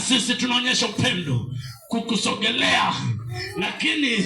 sisi tunaonyesha upendo kukusogelea, lakini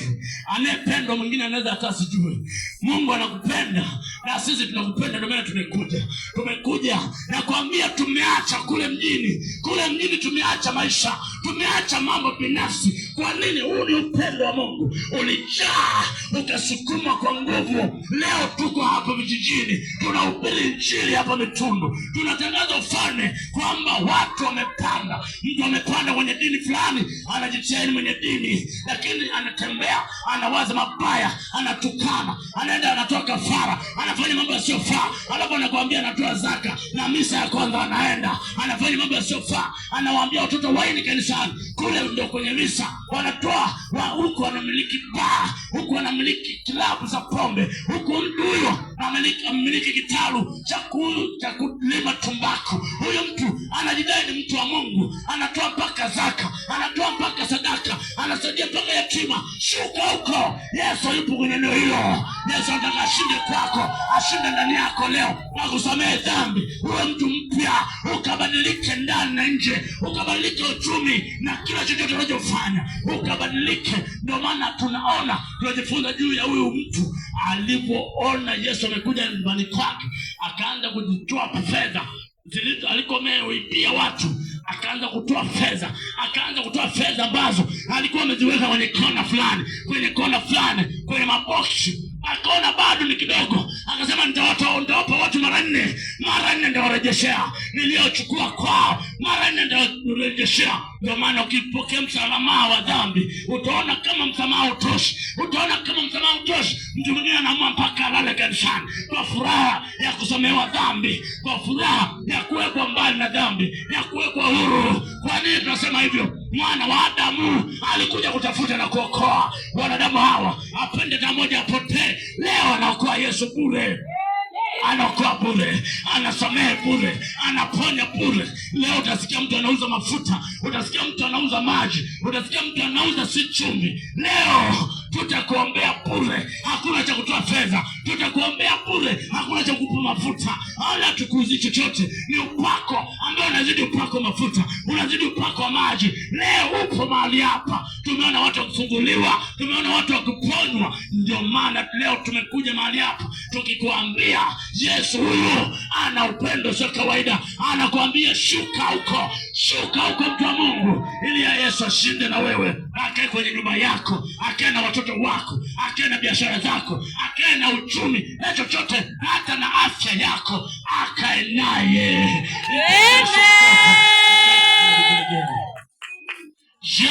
anayependwa mwingine anaweza hata asijue. Mungu anakupenda na sisi tunakupenda, ndio maana tumekuja. Tumekuja nakwambia, tumeacha kule mjini, kule mjini tumeacha maisha, tumeacha mambo binafsi. Kwa nini? Huu ni upendo wa Mungu. Ulijaa ukasukuma kwa nguvu. Leo tuko hapa vijijini, tunahubiri Injili hapa mitundu, tunatangaza ufalme, kwamba watu wamepanda, mtu amepanda kwenye dini fulani, anajitia mwenye dini, lakini anatembea anawaza mabaya, anatukana ana anaenda anatoa kafara anafanya mambo yasiyofaa, alafu anakuambia anatoa zaka na misa ya kwanza, anaenda anafanya mambo yasiyofaa, anawaambia watoto waini kanisani. Kule ndo kwenye misa wanatoa wa, huku wanamiliki baa, huku wanamiliki kilabu za pombe, huku mtu huyo amiliki kitalu cha kulima tumbaku. huyu mtu anajidai ni mtu wa Mungu, anatoa mpaka zaka, anatoa mpaka sadaka anasaidia mpaka yatima. Shuka huko, Yesu yupo kwenye eneo hilo. Yesu anataka ashinde kwako, ashinde ndani yako leo, akusamehe dhambi, uwe mtu mpya, ukabadilike ndani na nje, ukabadilike uchumi na kila chochote unachofanya ukabadilike. Ndio maana tunaona tunajifunza juu ya huyu mtu alivyoona Yesu amekuja nyumbani kwake, akaanza kujitoa fedha alikomea uipia watu akaanza kutoa fedha, akaanza kutoa fedha ambazo alikuwa ameziweka kwenye kona fulani, kwenye kona fulani, kwenye maboksi akaona bado ni kidogo, akasema ndawapa watu mara nne, mara nne ndawarejeshea niliyochukua kwao, mara nne ndawarejeshea Ndio maana ukipokea msamaha wa dhambi utaona kama msamaha utoshi, utaona kama msamaha utoshi. Mtu mwingine anaamua mpaka alale kanisani kwa furaha ya kusomewa dhambi, kwa furaha ya kuwekwa mbali na dhambi ya kuwa huru. Kwa nini tunasema hivyo? Mwana wa Adamu alikuja kutafuta na kuokoa wanadamu hawa, apende na moja apotee. Leo anaokoa Yesu bure, anaokoa bure, anasamehe bure, anaponya bure. Leo utasikia mtu anauza mafuta, utasikia mtu anauza maji, utasikia mtu anauza si chumvi. Leo tutakuombea bure, hakuna cha kutoa fedha, tutakuombea bure, hakuna cha kupa mafuta, hala tukuuzi chochote, ni upako unazidi upako mafuta, unazidi upako maji. Leo upo mahali hapa, tumeona watu wakufunguliwa tumeona watu wakuponywa Ndio maana leo tumekuja mahali hapa tukikuambia Yesu huyu ana upendo sio kawaida. Anakuambia shuka huko, shuka huko, mtu wa Mungu, ili ya Yesu ashinde na wewe, akae kwenye nyumba yako, akae na watoto wako, akae na biashara zako, akae na uchumi na chochote, hata na afya yako, akae naye.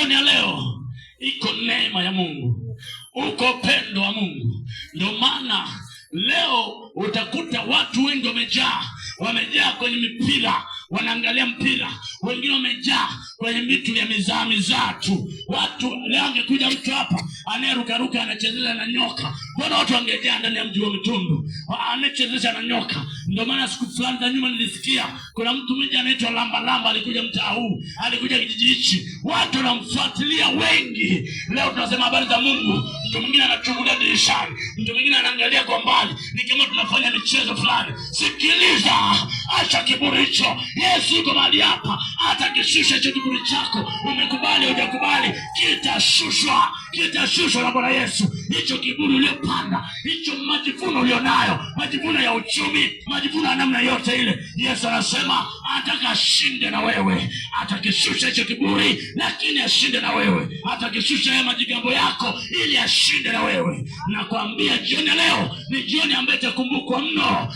jioni ya leo iko neema ya Mungu, uko pendo wa Mungu. Ndio maana leo utakuta watu wengi wamejaa, wamejaa kwenye mipira, wanaangalia mpira, wengine wamejaa kwenye vitu vya mizaa mizaa tu. Watu leo, angekuja mtu hapa anayerukaruka anachezesha na nyoka, mbona watu wangejaa ndani ya mji wa Mitundu anachezesha na nyoka? Ndio maana siku fulani za nyuma nilisikia kuna mtu mmoja anaitwa lamba lamba alikuja mtaa huu, alikuja kijiji hichi, watu wanamfuatilia wengi. Leo tunasema habari za Mungu, mtu mwingine anachungulia dirishani, mtu mwingine anaangalia kwa mbali, ni kama tunafanya michezo fulani. Sikiliza, acha kiburi hicho. Yesu yuko mahali hapa, hata kishusha chetu kiburi chako, umekubali ujakubali kitashushwa, kitashushwa na Bwana Yesu. Hicho kiburi uliopanda, hicho majivuno ulionayo, majivuno ya uchumi, majivuno ya namna yote ile, Yesu anasema atakashinde ashinde na wewe, atakishusha hicho kiburi, lakini ashinde na wewe, atakishusha haya majigambo yako, ili ashinde na wewe. Nakwambia jioni leo ni jioni ambayo itakumbukwa mno.